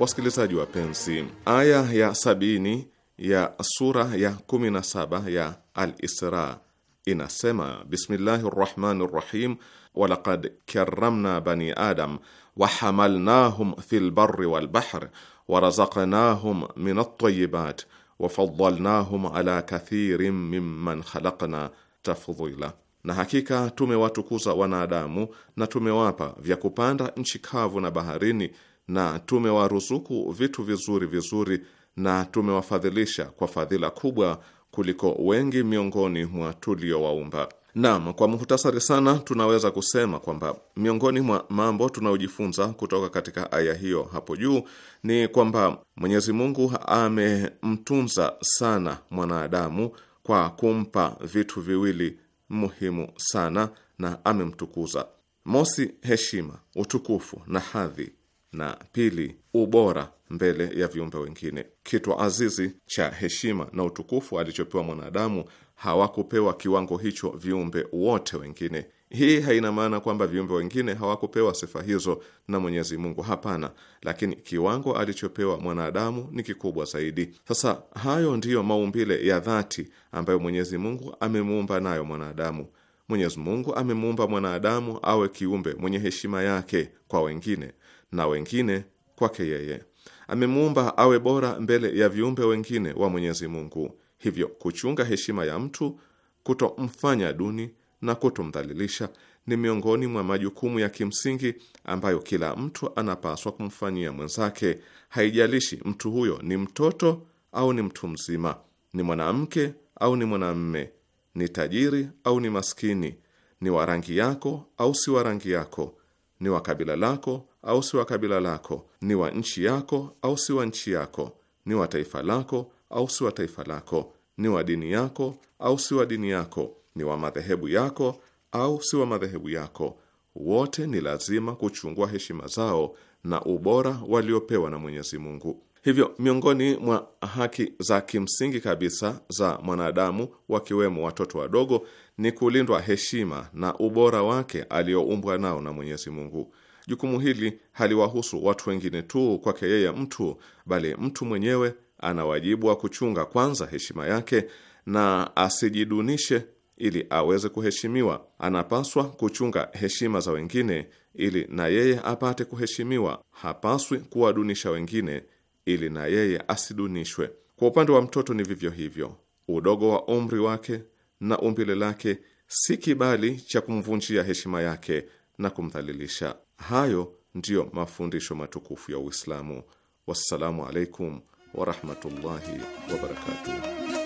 Speaker 3: Wasikilizaji wapenzi, aya ya sabini ya sura ya 17 ya Al-Isra inasema: bismillahi rahmani rahim walaqad karamna bani adam wahamalnahum fi lbari walbahr warazaqnahum min altayibat wafadalnahum ala kathirin mimman khalaqna tafdhila, na hakika tumewatukuza wanadamu na tumewapa vya kupanda nchi kavu na baharini na tumewaruzuku vitu vizuri vizuri na tumewafadhilisha kwa fadhila kubwa kuliko wengi miongoni mwa tuliowaumba. Naam, kwa muhtasari sana tunaweza kusema kwamba miongoni mwa mambo tunayojifunza kutoka katika aya hiyo hapo juu ni kwamba Mwenyezi Mungu amemtunza sana mwanadamu kwa kumpa vitu viwili muhimu sana na amemtukuza. Mosi, heshima, utukufu na hadhi na pili, ubora mbele ya viumbe wengine. Kitu azizi cha heshima na utukufu alichopewa mwanadamu hawakupewa kiwango hicho viumbe wote wengine. Hii haina maana kwamba viumbe wengine hawakupewa sifa hizo na Mwenyezi Mungu. Hapana, lakini kiwango alichopewa mwanadamu ni kikubwa zaidi. Sasa hayo ndiyo maumbile ya dhati ambayo Mwenyezi Mungu amemuumba nayo mwanadamu. Mwenyezi Mungu amemuumba mwanadamu awe kiumbe mwenye heshima yake kwa wengine na wengine kwake yeye. Amemuumba awe bora mbele ya viumbe wengine wa Mwenyezi Mungu, hivyo kuchunga heshima ya mtu, kutomfanya duni na kutomdhalilisha ni miongoni mwa majukumu ya kimsingi ambayo kila mtu anapaswa kumfanyia mwenzake, haijalishi mtu huyo ni mtoto au ni mtu mzima, ni mwanamke au ni mwanamme, ni tajiri au ni maskini, ni wa rangi yako au si wa rangi yako, ni wa kabila lako au si wa kabila lako, ni wa nchi yako au si wa nchi yako, ni wa taifa lako au si wa taifa lako, ni wa dini yako au si wa dini yako, ni wa madhehebu yako au si wa madhehebu yako. Wote ni lazima kuchungua heshima zao na ubora waliopewa na Mwenyezi Mungu. Hivyo, miongoni mwa haki za kimsingi kabisa za mwanadamu, wakiwemo watoto wadogo, ni kulindwa heshima na ubora wake aliyoumbwa nao na Mwenyezi Mungu jukumu hili haliwahusu watu wengine tu kwake yeye mtu, bali mtu mwenyewe ana wajibu wa kuchunga kwanza heshima yake na asijidunishe ili aweze kuheshimiwa. Anapaswa kuchunga heshima za wengine ili na yeye apate kuheshimiwa. Hapaswi kuwadunisha wengine ili na yeye asidunishwe. Kwa upande wa mtoto ni vivyo hivyo. Udogo wa umri wake na umbile lake si kibali cha kumvunjia heshima yake na kumdhalilisha. Hayo ndiyo mafundisho matukufu ya Uislamu. Wassalamu alaikum warahmatullahi wabarakatuh.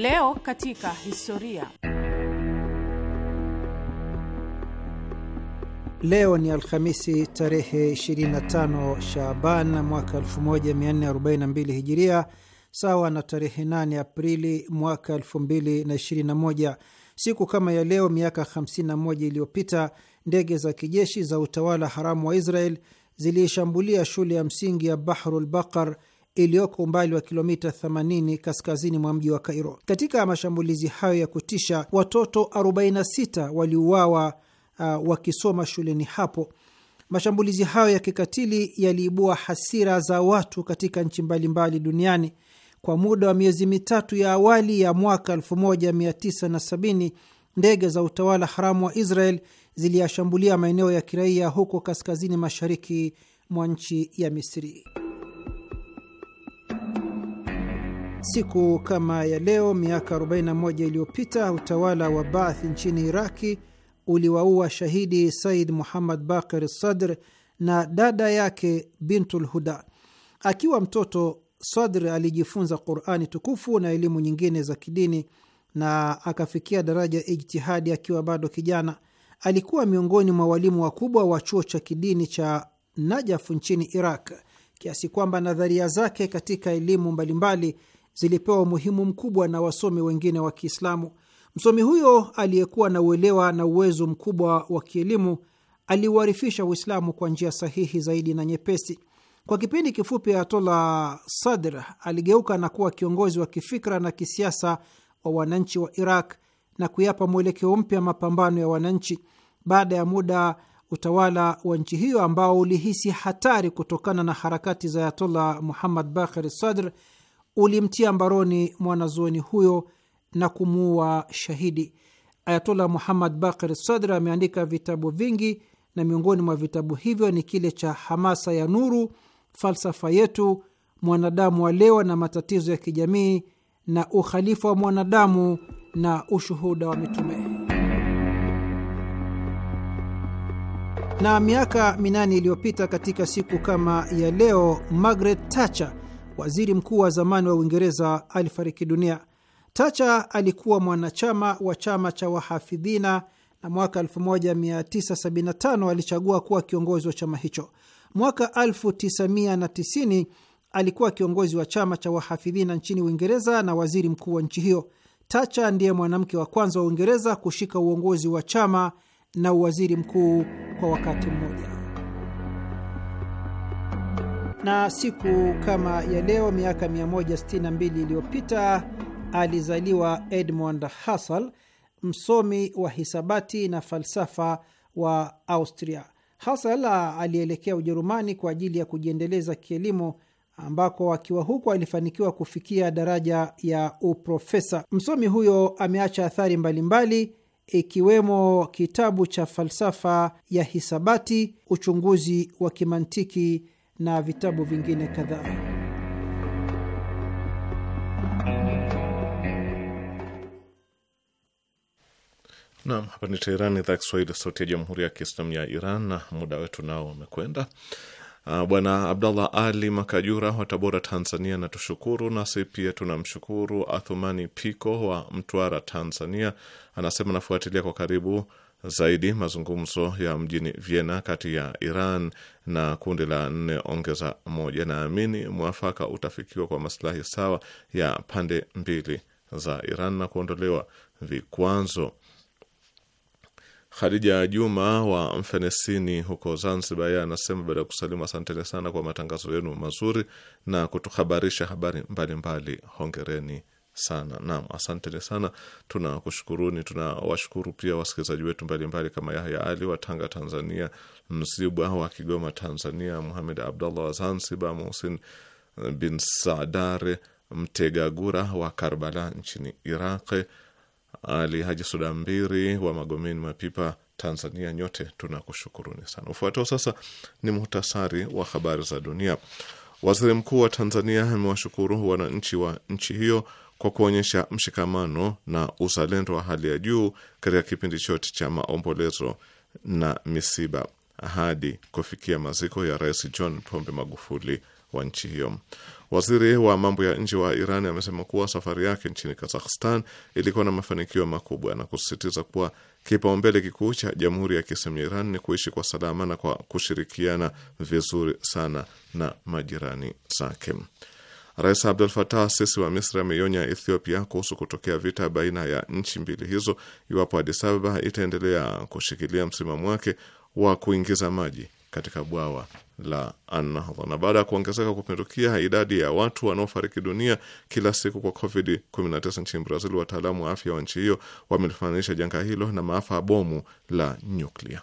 Speaker 4: Leo katika historia.
Speaker 1: Leo ni Alhamisi tarehe 25 shaban mwaka 1442 Hijiria, sawa na tarehe 8 Aprili mwaka 2021. Siku kama ya leo miaka 51 iliyopita ndege za kijeshi za utawala haramu wa Israel ziliishambulia shule ya msingi ya Bahrul Baqar iliyoko umbali wa kilomita 80 kaskazini mwa mji wa Kairo. Katika mashambulizi hayo ya kutisha, watoto 46 waliuawa uh, wakisoma shuleni hapo. Mashambulizi hayo ya kikatili yaliibua hasira za watu katika nchi mbalimbali duniani. Kwa muda wa miezi mitatu ya awali ya mwaka 1970 ndege za utawala haramu wa Israel ziliyashambulia maeneo ya kiraia huko kaskazini mashariki mwa nchi ya Misri. Siku kama ya leo miaka 41 iliyopita utawala wa Baath nchini Iraki uliwaua shahidi Said Muhammad Bakar Sadr na dada yake Bintul Huda. Akiwa mtoto, Sadr alijifunza Qurani tukufu na elimu nyingine za kidini na akafikia daraja ijtihadi akiwa bado kijana. Alikuwa miongoni mwa walimu wakubwa wa chuo cha kidini cha Najafu nchini Iraq, kiasi kwamba nadharia zake katika elimu mbalimbali zilipewa umuhimu mkubwa na wasomi wengine wa Kiislamu. Msomi huyo aliyekuwa na uelewa na uwezo mkubwa wa kielimu aliuharifisha Uislamu kwa njia sahihi zaidi na nyepesi. Kwa kipindi kifupi, Ayatollah Sadr aligeuka na kuwa kiongozi wa kifikra na kisiasa wa wananchi wa Iraq na kuyapa mwelekeo mpya mapambano ya wananchi. Baada ya muda, utawala wa nchi hiyo ambao ulihisi hatari kutokana na harakati za Ayatollah Muhammad Bakhir Sadr ulimtia mbaroni mwanazuoni huyo na kumuua shahidi. Ayatola Muhammad bakr Sadr ameandika vitabu vingi na miongoni mwa vitabu hivyo ni kile cha Hamasa ya Nuru, Falsafa Yetu, Mwanadamu wa Leo na Matatizo ya Kijamii, na Ukhalifa wa Mwanadamu na Ushuhuda wa Mitume. Na miaka minane iliyopita katika siku kama ya leo, Margaret Thatcher waziri mkuu wa zamani wa Uingereza, alifariki dunia. Tacha alikuwa mwanachama wa chama cha Wahafidhina na mwaka 1975 alichagua kuwa kiongozi wa chama hicho. Mwaka 1990 alikuwa kiongozi wa chama cha Wahafidhina nchini Uingereza na waziri mkuu wa nchi hiyo. Tacha ndiye mwanamke wa kwanza wa Uingereza kushika uongozi wa chama na uwaziri mkuu kwa wakati mmoja na siku kama ya leo miaka 162 iliyopita alizaliwa Edmund Husserl, msomi wa hisabati na falsafa wa Austria. Husserl ah, alielekea Ujerumani kwa ajili ya kujiendeleza kielimu ambako akiwa huko alifanikiwa kufikia daraja ya uprofesa. Msomi huyo ameacha athari mbalimbali ikiwemo kitabu cha falsafa ya hisabati, uchunguzi wa kimantiki na vitabu vingine kadhaa.
Speaker 3: Nam, hapa ni Teheran, idhaa Kiswahili, sauti ya jamhuri ya kiislamu ya Iran, na muda wetu nao umekwenda. Ah, Bwana Abdallah Ali Makajura wa Tabora, Tanzania, natushukuru. Nasi pia tunamshukuru. Athumani Piko wa Mtwara, Tanzania, anasema anafuatilia kwa karibu zaidi mazungumzo ya mjini Vienna kati ya Iran na kundi la nne ongeza moja, naamini mwafaka utafikiwa kwa maslahi sawa ya pande mbili za Iran na kuondolewa vikwazo. Khadija Juma wa Mfenesini huko Zanzibar, yeye anasema baada ya kusalimu, asanteni sana kwa matangazo yenu mazuri na kutuhabarisha habari mbalimbali mbali. Hongereni sana. Naam, asanteni sana, tunakushukuruni. Tunawashukuru pia wasikilizaji wetu mbalimbali kama Yahya Ali wa Tanga, Tanzania, Mzibwa wa Kigoma, Tanzania, Muhamed abdullah wa Zanzibar, Muhsin bin Sadare Mtegagura wa Karbala nchini Iraq, Ali Haji Sudambiri wa Magomeni Mapipa, Tanzania. Nyote tunakushukuruni sana. Ufuatao sasa ni muhtasari wa habari za dunia. Waziri Mkuu wa Tanzania amewashukuru wananchi wa nchi hiyo kwa kuonyesha mshikamano na uzalendo wa hali ya juu katika kipindi chote cha maombolezo na misiba hadi kufikia maziko ya Rais John Pombe Magufuli wa nchi hiyo. Waziri wa mambo ya nje wa Iran amesema kuwa safari yake nchini Kazakhstan ilikuwa na mafanikio makubwa na kusisitiza kuwa kipaumbele kikuu cha Jamhuri ya Kiislamu ya Iran ni kuishi kwa salama na kwa kushirikiana vizuri sana na majirani zake. Rais Abdul Fatah Sisi wa Misri ameionya Ethiopia kuhusu kutokea vita baina ya nchi mbili hizo iwapo Addis Ababa itaendelea kushikilia msimamo wake wa kuingiza maji katika bwawa la Anahdha. Na baada ya kuongezeka kupindukia idadi ya watu wanaofariki dunia kila siku kwa COVID-19 nchini Brazil, wataalamu wa afya wa nchi hiyo wamelifananisha janga hilo na maafa ya bomu la nyuklia.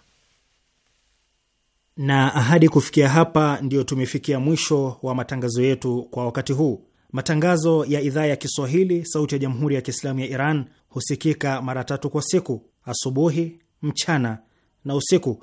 Speaker 6: Na ahadi kufikia hapa, ndiyo tumefikia mwisho wa matangazo yetu kwa wakati huu. Matangazo ya idhaa ya Kiswahili sauti ya Jamhuri ya Kiislamu ya Iran husikika mara tatu kwa siku: asubuhi, mchana na usiku